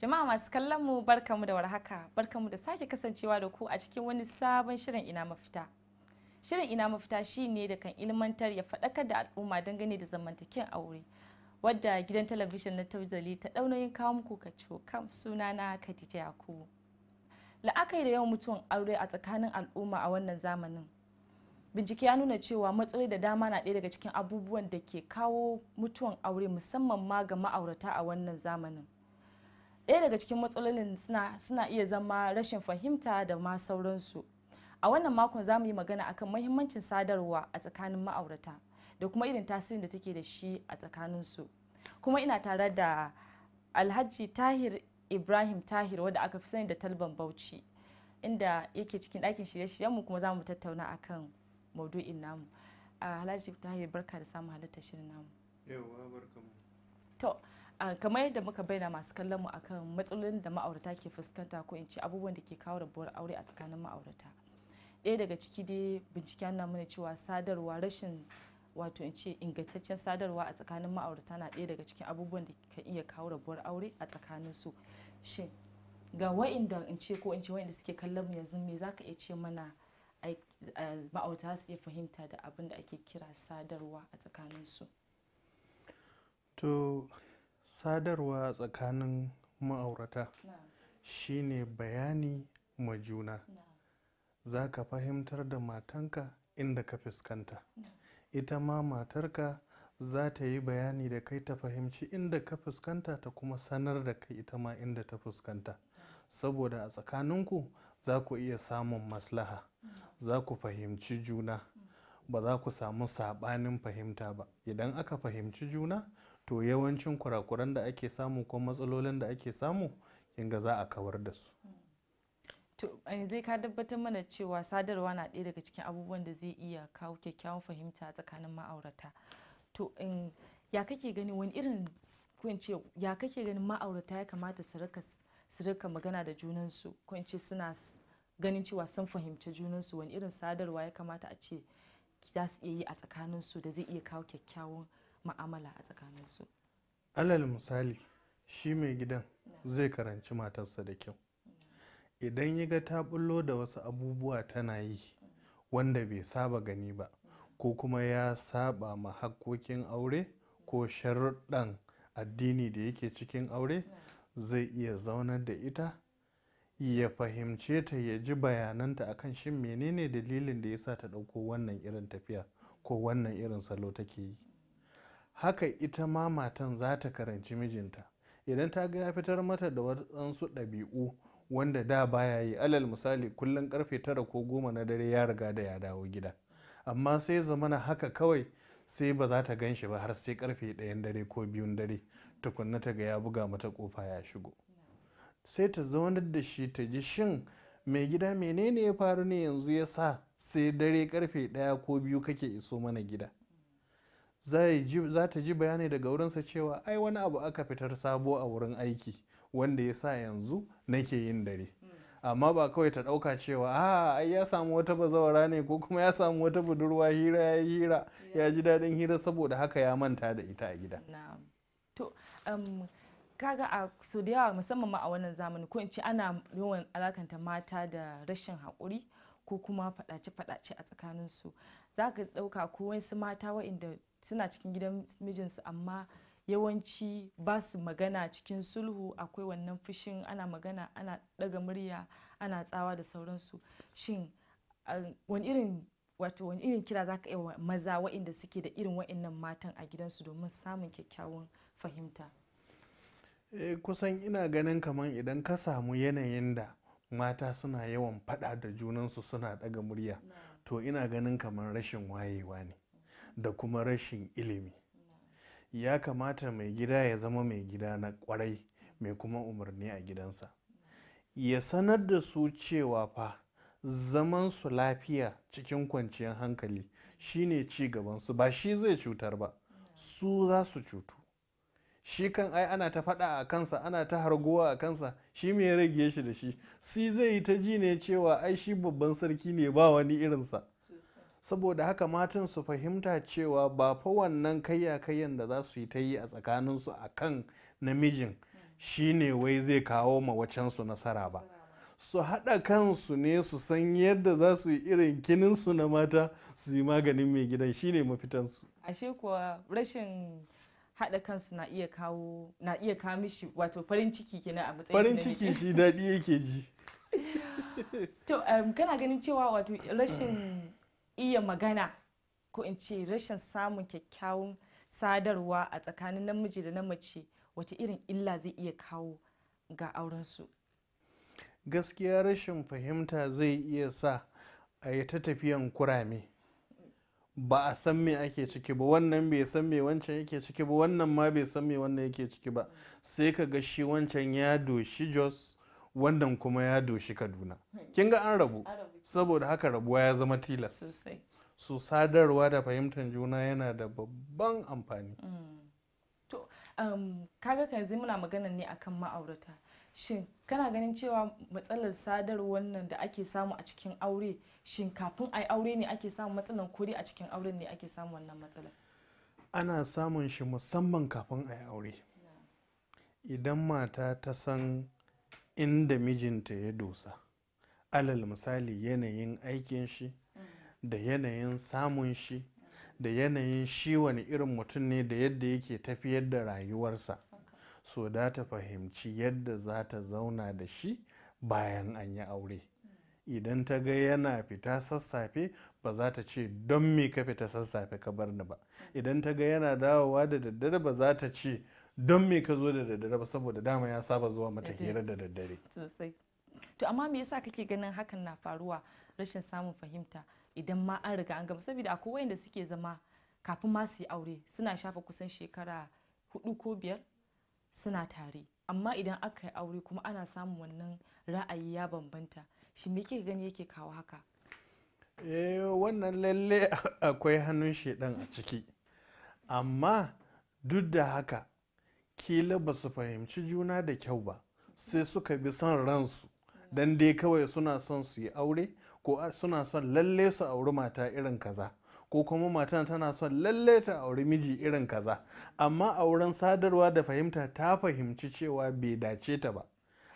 Jama'a masu kallon mu barkamu da warhaka, barkamu da sake kasancewa da ku a cikin wani sabon shirin ina mafita. Shirin ina mafita shi ne da kan ilmantar ya faɗakar da al'umma dangane da zamantakin aure. Wadda gidan talabijin na Tauzali ta ɗaunoyin kawo muku kaco kam sunana Khadija Yakubu. La'akai da yawan mutuwan aure a tsakanin al'umma a wannan zamanin. Bincike ya nuna cewa matsaloli da dama na ɗaya daga cikin abubuwan da ke kawo mutuwan aure musamman ma ga ma'aurata a wannan zamanin. ɗaya daga cikin matsalolin suna iya zama rashin fahimta da ma sauransu a wannan makon za mu yi magana akan mahimmancin sadarwa a tsakanin ma'aurata da kuma irin tasirin da take da shi a tsakaninsu kuma ina tare da alhaji tahir ibrahim tahir wanda aka fi sani da talban bauchi inda yake cikin ɗakin shirye-shiryenmu kuma za mu tattauna akan maudu'in namu ah, alhaji tahir barka da samun halittar shirin namu kamar yadda muka bayyana masu kallon mu akan matsalolin da ma'aurata ke fuskanta ko in ce abubuwan da ke kawo rabuwar aure a tsakanin ma'aurata ɗaya daga ciki dai binciken na mana cewa sadarwa rashin wato in ce ingantaccen sadarwa a tsakanin ma'aurata na ɗaya daga cikin abubuwan da ka iya kawo rabuwar aure a tsakanin su shin ga wa'inda in ce ko in ce wa'inda suke kallon mu yanzu me zaka iya ce mana ma'aurata su iya fahimta da abin da ake kira sadarwa a tsakanin su to sadarwa tsakanin ma'aurata shine bayani ma juna za ka fahimtar da matanka inda ka fuskanta ita ma matarka za ta yi bayani da kai ta fahimci inda ka fuskanta ta kuma sanar da kai ita ma inda ta fuskanta saboda a tsakaninku za ku iya samun maslaha za ku fahimci juna ba za ku samu saɓanin fahimta ba idan aka fahimci juna to yawancin kurakuran da ake samu ko matsalolin da ake samu kinga za a kawar da su to zai eh, ka tabbatar mana cewa sadarwa na ɗaya daga cikin abubuwan da zai iya kawo kyakkyawan fahimta tsakanin ma'aurata to ya kake gani wani irin ya kake ganin ma'aurata ya kamata su rika magana da junansu ko suna ganin cewa sun fahimci junansu wani irin sadarwa ya kamata a ce za su iya yi a tsakaninsu da zai iya kawo kyakkyawan ma'amala a tsakaninsu alal misali shi mai gidan zai karanci matarsa da kyau idan ya ga ta bullo da wasu abubuwa tana yi wanda bai saba gani ba ko kuma ya saba ma hakkokin aure ko sharuɗan addini da yake cikin aure zai iya zaunar da ita ya fahimce ta ya ji bayananta akan shin menene dalilin da ya sa ta ɗauko wannan irin tafiya ko wannan irin salo take yi haka ita ma matan za ta karanci mijinta idan ta ga ya fitar mata da wadansu ɗabi'u wanda da baya yi alal misali kullum karfe tara ko goma na dare ya riga da ya dawo gida amma sai zamana haka kawai sai ba za ta gan shi ba har sai karfe ɗayan dare ko biyun dare tukunna ta ga ya buga mata kofa ya shigo sai ta zaunar da shi ta ji shin mai gida menene ya faru ne yanzu ya sa sai dare karfe ɗaya ko biyu kake iso mana gida za ta ji bayani daga wurinsa cewa ai wani abu aka fitar sabo a wurin aiki wanda ya sa yanzu nake yin dare amma ba kawai ta ɗauka cewa a ah, ai ya samu wata bazawara ne ko kuma ya samu wata budurwa hira ya yi hira ya ji daɗin hira saboda haka ya manta da ita a gida to um, kaga a so da yawa musamman ma a wannan zamani ko in ce ana yawan alakanta mata da rashin haƙuri ko kuma faɗace-faɗace a tsakaninsu za ka ɗauka ko wasu mata waɗanda suna cikin gidan mijinsu amma yawanci ba su magana cikin sulhu akwai wannan fushin ana magana ana daga murya ana tsawa da sauransu shin wani irin wato wani kira za ka iya maza waɗanda suke da irin waɗannan matan a gidansu domin samun kyakkyawan fahimta eh, kusan ina ganin kamar idan ka samu yanayin da mata suna yawan faɗa da junansu suna ɗaga murya to ina ganin kamar rashin wayewa ne da kuma rashin ilimi ya kamata mai gida ya zama mai gida na kwarai mai kuma umarni a gidansa ya sanar da su cewa fa zaman su lafiya cikin kwanciyar hankali shine ci gaban su. ba shi zai cutar ba su za su cutu shi kan ai ana ta faɗa a kansa ana ta harguwa a kansa shi mai rage shi da shi si zai yi ta ji ne cewa ai shi babban sarki ne ba wani irinsa saboda haka matan su fahimta cewa ba fa wannan kayya kayyan da za su yi ta yi a tsakaninsu a kan namijin shine wai zai kawo ma wacensu nasara ba su haɗa kansu ne su san yadda za su yi irin kininsu na mata su yi maganin mai gidan shine mafitansu ashe kuwa rashin haɗa kansu na iya kawo na iya kawo mishi wato farin ciki kenan a matsayin farin ciki shi daɗi yake ji to kana ganin cewa wato rashin iya magana ko in ce rashin samun kyakkyawan sadarwa a tsakanin namiji da na mace wata irin illa zai iya kawo ga aurensu gaskiya rashin fahimta zai iya sa a yi ta tafiyan kurame ba a san me ake ciki ba wannan bai san me wancan yake ciki ba wannan ma bai san me wannan yake ciki ba sai ka ga shi wancan ya doshi jos wannan kuma ya doshi kaduna hmm. kin ga an rabu saboda haka rabuwa ya zama tilas so sadarwa da fahimtar juna yana da babban amfani hmm. to um, kaga zai muna magana ne akan ma'aurata shin kana ganin cewa matsalar sadarwar nan da ake samu a cikin aure shin kafin a aure ne ake samun matsalar kuri a cikin auren ne ake samun wannan matsalar ana samun shi musamman kafin a aure idan mata ta san inda mijinta ya dosa alal misali yanayin aikin shi da yanayin samun shi da yanayin shi wani irin mutum ne da yadda yake tafiyar da rayuwarsa so da ta fahimci yadda za ta zauna da shi bayan an yi aure idan ta ga yana fita sassafe ba za ta ce don me ka fita sassafe ka bar ni ba idan ta ga yana dawowa da daddare ba za ta ce don me ka zo da daddare ba saboda dama ya saba zuwa mata hira da daddare sosai to amma me yasa kake ganin hakan na faruwa rashin samun fahimta idan ma an riga an gama saboda akwai wayanda suke zama kafin ma su yi aure suna shafa kusan shekara hudu ko biyar suna tare amma idan aka yi aure kuma ana samun wannan ra'ayi ya bambanta shi me kika gani yake kawo haka eh wannan lalle akwai hannun shedan a ciki amma duk da haka kila ba su fahimci juna da kyau ba sai suka bi son ransu dan dai kawai suna son su yi aure ko suna son lalle su auri mata irin kaza ko kuma matan tana son lalle ta auri miji irin kaza amma auren sadarwa da fahimta ta fahimci cewa bai dace ta ba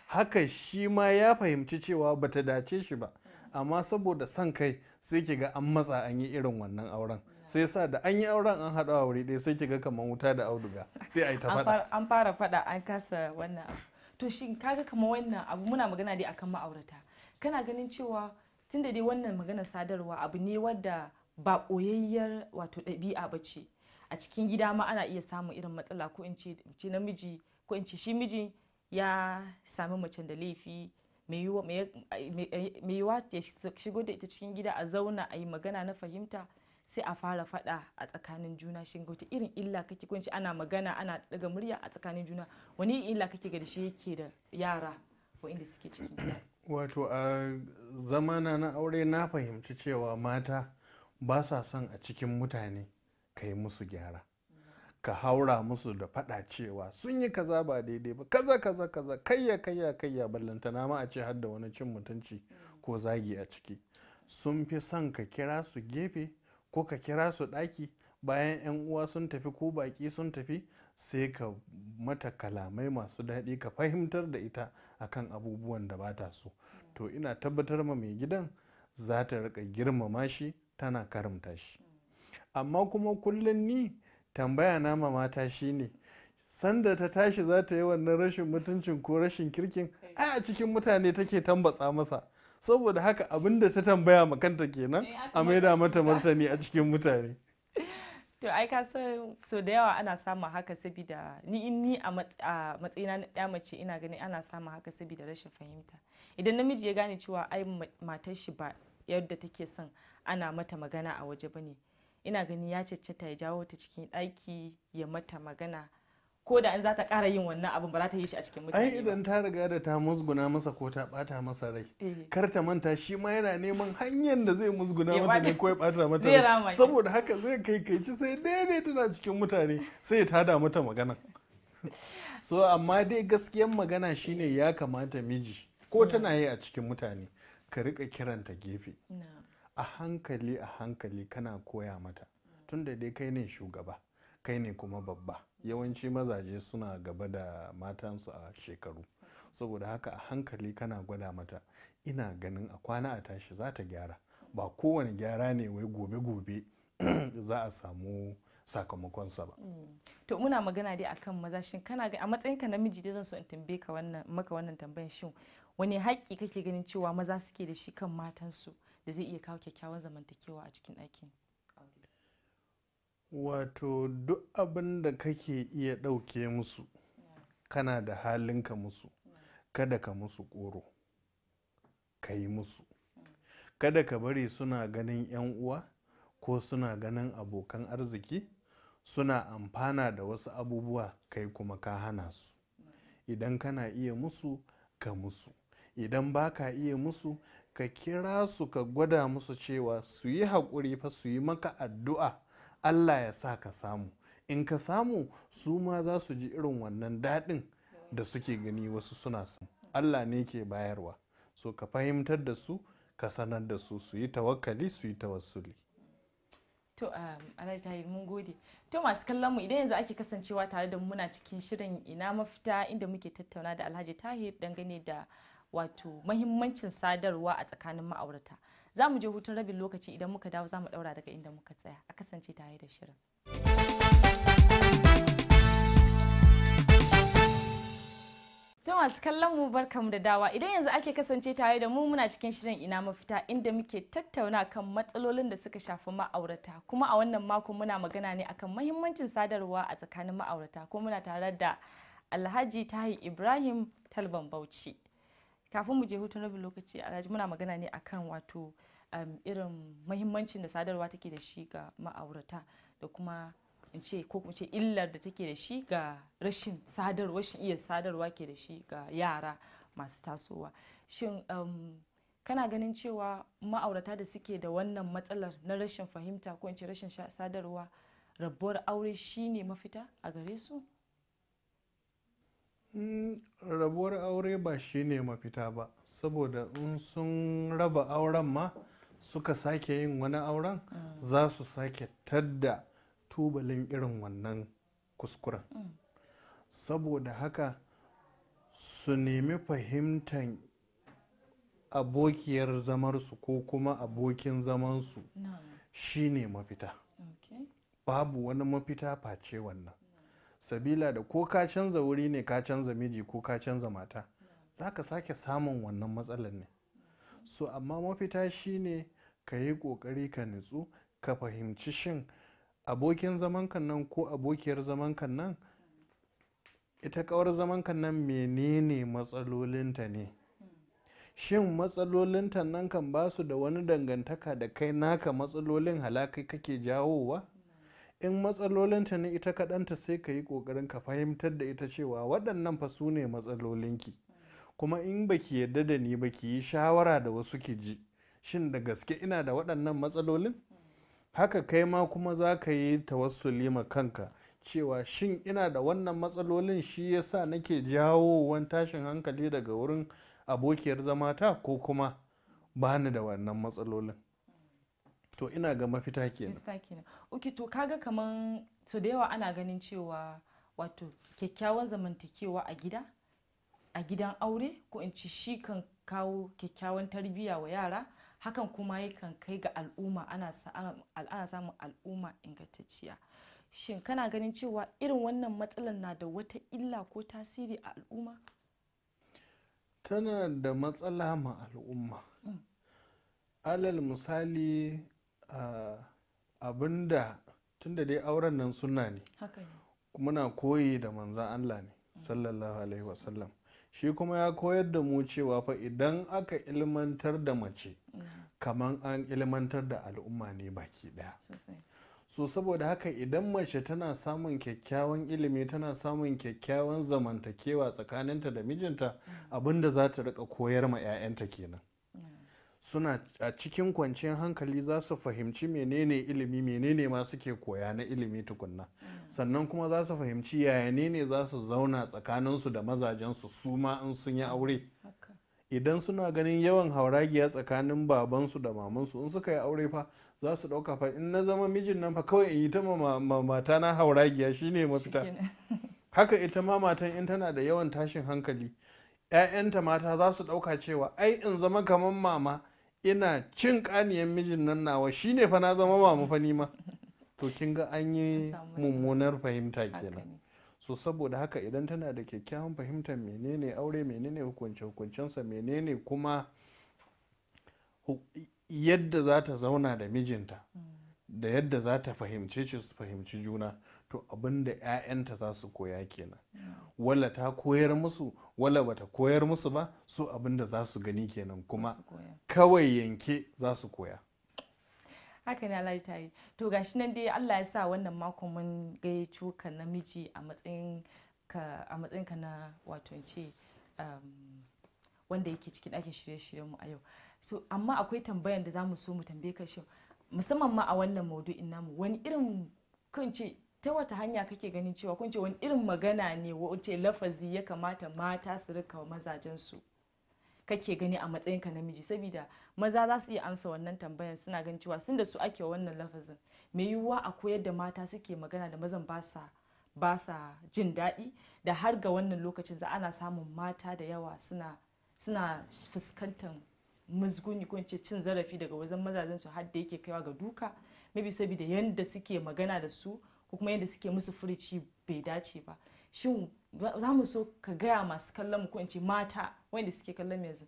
haka shi ma ya fahimci cewa bata dace shi ba amma saboda son kai sai ki ga an matsa an yi irin wannan auren sai sa da an yi auren an haɗu a wuri ɗaya sai kiga kamar wuta da auduga sai a yi ta faɗa an fara faɗa an kasa wannan abu to shin kaga kamar wannan abu muna magana dai akan ma'aurata kana ganin cewa tunda dai wannan magana sadarwa abu ne wadda ba ɓoyayyar wato ɗabi'a ba ce a cikin gida ma ana iya samun irin matsala ko in ce namiji ko in ce shi miji ya sami macen da laifi mai eh, yiwuwa ya shigo da ita cikin gida a zauna a yi magana na fahimta sai a fara faɗa a tsakanin juna shi wata irin illa kake kunci ana magana ana daga murya a tsakanin juna wani illa kake ga shi yake da yara waɗanda suke ciki. wato a zamana na aure na fahimci cewa mata ba sa son a cikin mutane ka yi musu gyara ka haura musu da faɗa cewa sun yi kaza ba daidai ba kaza kaza kaza kayya kayya kayya ballantana ma a ce har da wani cin mutunci ko zagi a ciki sun fi son ka kira su gefe ko ka kira su ɗaki bayan 'yan uwa sun tafi ko baƙi sun tafi sai ka mata kalamai masu daɗi ka fahimtar da ita akan abubuwan da bata so mm. to ina tabbatar ma mai gidan za ta rika girmama shi tana karamta shi mm. amma kuma kullum ni tambaya na ma mata ne. sanda ta tashi za ta yi wannan rashin mutuncin ko rashin kirkin a cikin mutane take tambatsa masa saboda haka abinda ta tambaya makanta kenan eh, a maida mata martani a cikin mutane to ai ka so da yawa ana samun haka saboda ni in ni a matsayina na ya mace ina ganin ana samun haka saboda rashin fahimta idan namiji ya gane cewa ai matar shi ba yadda take son ana mata magana a waje bane ina ganin ya caccata ya jawo ta cikin ɗaki ya mata magana ko da an za ta ƙara yin wannan abin ba za ta yi shi a cikin mutane ai idan ta riga da ta musguna masa ko ta ɓata masa rai eh. kar ta manta shi ma yana neman hanyar da zai musguna mata ne ko ya ɓata mata rai saboda haka zai kai kai ci sai daidai tana cikin mutane sai ta da mata magana so amma dai gaskiyan magana shine ya kamata miji ko hmm. tana yi a cikin mutane ka rika kiranta gefe a hankali a hankali kana koya mata hmm. tunda dai kai ne shugaba kai ne kuma babba yawanci mazaje suna gaba da matansu a shekaru saboda haka a hankali kana gwada mata ina ganin a kwana a tashi za ta gyara ba kowane gyara ne wai gobe-gobe za a samu sakamakonsa ba. Mm. To muna magana dai akan maza shin kana ga a matsayinka namiji dai zan so in tambaye ka wannan maka wannan tambayan shin wani haƙƙi kake ganin cewa maza suke da shi kan matansu da zai iya kawo kyakkyawan zamantakewa a cikin ɗakin? wato duk abin da kake iya ɗauke musu kana da halin ka musu kada ka musu ƙoro ka yi musu kada ka bari suna ganin 'yan uwa ko suna ganin abokan arziki suna amfana da wasu abubuwa kai kuma ka hana su idan kana iya musu ka musu idan ba ka iya musu ka kira su ka gwada musu cewa su yi haƙuri fa su yi maka addu'a allah ya sa ka samu in ka samu su ma za su ji irin wannan daɗin da suke gani wasu suna samu allah ne ke bayarwa so ka fahimtar da su ka sanar da su su yi tawakkali su yi tawassuli To um, ta yi mun gode. To masu kallon mu idan yanzu ake kasancewa tare da muna cikin shirin ina mafita inda muke tattauna da Alhaji Tahir dangane da wato mahimmancin sadarwa a tsakanin ma'aurata. za mu je hutun rabin lokaci idan muka dawo za mu daura daga inda muka tsaya a kasance tare da shirin ta masu kallon mu barkamu da dawa idan yanzu ake kasance tare da mu muna cikin shirin ina mafita inda muke tattauna kan matsalolin da suka shafi ma'aurata kuma a wannan mako muna magana ne akan mahimmancin sadarwa a tsakanin ma'aurata ko muna tare da Alhaji Tahi Ibrahim Talban Bauchi. kafin mu je hutu rabin lokaci alhaji muna magana ne akan wato um, irin mahimmancin da sadarwa take da shi ga ma'aurata da kuma in ce ko kuma ce illar da take da shi ga rashin sadarwa shi iya sadarwa ke da shi ga yara masu tasowa shin um, kana ganin cewa ma'aurata da suke da wannan matsalar na rashin fahimta ko in ce rashin sadarwa rabuwar aure shine mafita a gare su Mm, rabuwar aure ba shi ne mafita ba saboda in sun raba auren ma suka sake yin wani auren mm. za su sake tadda tubalin irin wannan kuskuren mm. saboda haka su nemi fahimtar abokiyar zamarsu ko kuma abokin zamansu shi ne mafita babu wani mafita face wannan sabila da ko ka canza wuri ne ka canza miji ko ka canza mata za ka sake samun wannan matsalar ne so amma mafita shi ne ka yi ƙoƙari ka nutsu ka fahimci shin abokin kan nan ko abokiyar kan nan ita kawar kan nan menene matsalolinta ne shin matsalolinta nan kan ba su da wani dangantaka da kai naka matsalolin halakai kake jawowa in matsalolinta ne ita kaɗanta sai ka yi ƙoƙarin ka fahimtar da ita cewa waɗannan fa su ne matsalolinki kuma in baki yadda da ni ba ki yi shawara da wasu ki ji shin da gaske ina da waɗannan matsalolin haka kai ma kuma za ka yi tawassuli ma kanka cewa shin ina da wannan matsalolin shi yasa nake jawo wani tashin hankali daga wurin abokiyar zamata ko kuma bani da wannan matsalolin to ina ga mafita kenan mafita kenan to kaga kaman to da yawa ana ganin cewa wato kyakkyawan zamantakewa a gida a gidan aure ko in ci shi kan kawo kyakkyawan tarbiyya wa yara hakan kuma yakan kai ga al'umma ana samun al'umma ingantacciya shin kana ganin cewa irin wannan matsalar na da wata illa ko tasiri a al'umma tana da matsala ma al'umma mm. alal misali Ah, abinda da dai auren nan suna ne muna koyi da manzan Allah ne sallallahu alaihi wasallam shi kuma ya koyar da mu cewa fa idan aka ilmantar da mace mm. kamar an ilmantar da al'umma ne baki daya so saboda haka idan mace tana samun kyakkyawan ilimi tana samun kyakkyawan zamantakewa tsakaninta da mijinta mm. abinda za ta rika koyar ma 'ya'yanta kenan suna a cikin kwanciyar hankali za su fahimci menene ilimi menene ma suke koya na ilimi tukunna sannan kuma za su fahimci yaya ne za su zauna tsakaninsu da mazajensu su ma in sun yi aure idan suna ganin yawan hauragiya tsakanin babansu da mamansu in suka yi aure fa za su ɗauka fa in na zama mijin nan fa kawai in yi ta mata na hauragiya shine mafita haka ita ma matan in tana da yawan tashin hankali 'ya'yanta mata za su ɗauka cewa ai in zama kamar mama ina cin kaniyan mijin nan nawa shine fa na zama ba fani ma to kin ga an yi mummunar fahimta kenan so saboda haka idan tana da kyakkyawan fahimtar menene aure menene hukunce hukuncensa menene kuma yadda za ta zauna da mijinta mm. da yadda za ta fahimce ce su fahimci juna to abin da 'ya'yanta za su koya kenan wala ta koyar musu wala bata koyar musu ba su abin da za su gani kenan kuma kawai yanke za su koya haka ne alhaji yi to gashi nan dai allah ya sa wannan mako mun gayyato ka namiji a matsayin ka na wato ce um, wanda yake cikin ɗakin shirye-shiryen mu a yau so amma akwai tambayan da za mu so mu tambaye ka shi musamman ma a wannan maudu'in namu wani irin kan ce ta wata hanya kake ganin cewa kun ce wani irin magana ne wace lafazi ya kamata mata su rika mazajensu kake gani a matsayin ka namiji saboda maza za su iya amsa wannan tambayar suna ganin cewa sun da su ake wannan lafazin mai yiwuwa a koyar da mata suke magana da mazan basa ba sa jin daɗi da har ga wannan lokacin za ana samun mata da yawa suna fuskantar musguni ko cin zarafi daga wajen mazajensu su har da yake kaiwa ga duka maybe saboda yadda suke magana da su ko kuma yadda suke musu furici bai dace ba shin za mu so ka gaya masu kallon mu ko in ce mata wanda suke kallon yanzu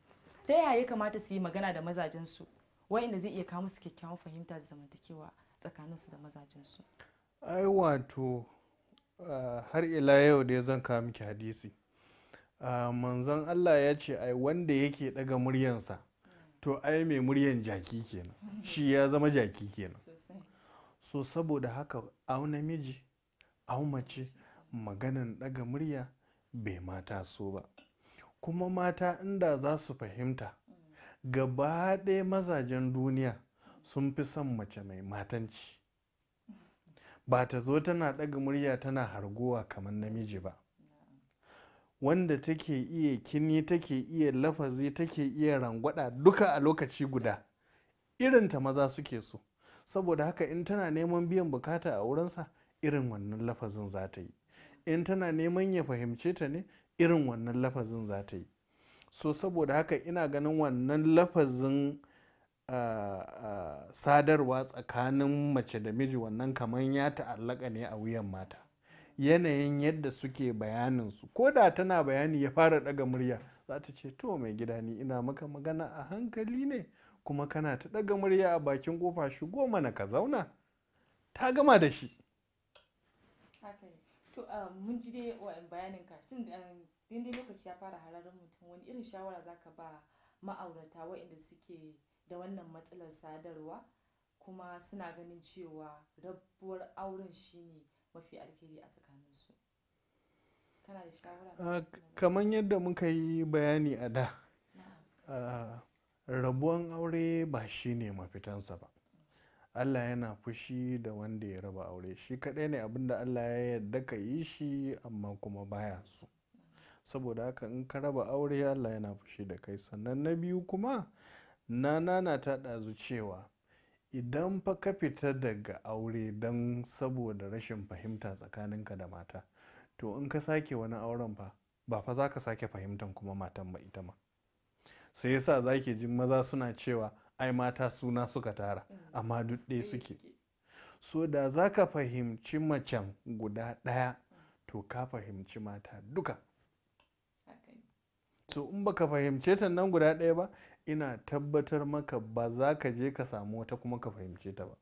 ta yaya ya kamata su yi magana da mazajensu su wanda zai iya kawo musu kyakkyawan fahimta da zamantakewa tsakanin su da mazajen su ai wato ah, har ila yau da zan kawo miki hadisi ah, manzon Allah ya ce ai wanda yake daga muryansa to ai mai muryan jaki kenan shi ya zama jaki kenan so saboda haka au namiji au mace maganan ɗaga murya bai mata so ba kuma mata inda za su fahimta gaba ɗaya mazajen duniya sun fi son mace mai matanci ba ta zo tana ɗaga murya tana hargowa kamar namiji ba wanda take iya kini take iya lafazi take iya rangwada duka a lokaci guda irinta maza suke so saboda haka in tana neman biyan bukata a wurinsa irin wannan lafazin za ta yi in tana neman ya fahimce ta ne irin wannan lafazin za ta yi so saboda haka ina ganin wannan lafazin ah, ah, sadarwa tsakanin mace da miji wannan kamar ya ta'allaka ne a wuyan mata yanayin yadda suke bayanin su ko da tana bayani ya fara daga murya za ta ce to mai gida ni ina maka magana a hankali ne kuma kana ta ɗaga murya a bakin kofa shigo mana ka zauna ta gama da shi to mun ji dai bayanin ka sun daidai lokaci ya fara hararin mutum wani irin shawara zaka ba ma'aurata waɗanda suke da wannan matsalar sadarwa kuma suna ganin cewa rabuwar auren shine mafi alheri a tsakaninsu kana da shawara kamar yadda muka yi bayani a da rabuwan aure ba shi ne mafitansa ba allah yana fushi da wanda ya raba aure shi kaɗai ne abinda allah ya yarda ka yi shi amma kuma baya so saboda haka in ka raba aure allah yana fushi da kai sannan na biyu kuma na nana ta ɗazu cewa idan fa ka fita daga aure don saboda rashin fahimta tsakaninka da mata to in ka sake wani auren fa ba fa za ka sake fahimtan kuma matan ba ita ma sai yasa zaki jin maza suna cewa ai mata suna suka tara amma duk ɗaya suke so da za ka fahimci macen guda ɗaya to ka fahimci mata duka so in baka fahimce ta nan guda ɗaya ba ina tabbatar maka ba za ka je ka samu wata kuma ka fahimce ta ba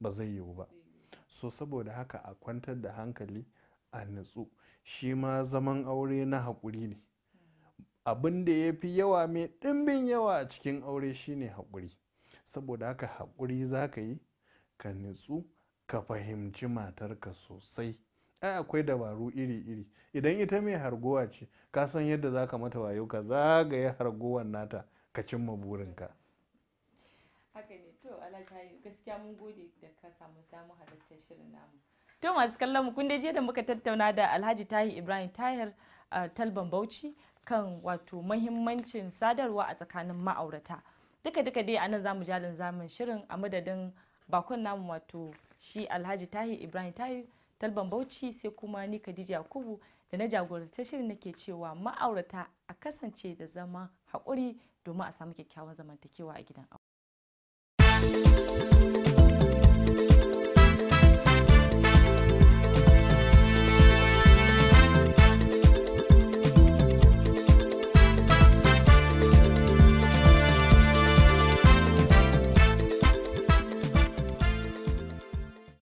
ba zai yiwu ba so saboda haka a kwantar da hankali a nutsu shi ma zaman aure na haƙuri ne abin da ya fi yawa mai ɗimbin yawa a cikin aure shine haƙuri saboda haka haƙuri za ka yi ka nitsu ka fahimci matarka sosai ai akwai dabaru iri-iri idan ita mai hargowa ce ka san yadda za ka mata wayo ka zagaye hargowar nata ka cimma burinka haka ne to alhaji gaskiya mun gode da ka samu halittar shirin namu to masu kallon mu kun je da muka tattauna da alhaji tahi ibrahim tahir talban bauchi kan wato mahimmancin sadarwa a tsakanin ma'aurata duka duka dai anan zamu jalin zaman shirin a madadin bakon namu wato shi alhaji tahi ibrahim tahi talban bauchi sai kuma ni khadija yakubu da na jagorantar shirin nake cewa ma'aurata a kasance da zama haƙuri domin a samu kyakkyawan zamantakewa a gidan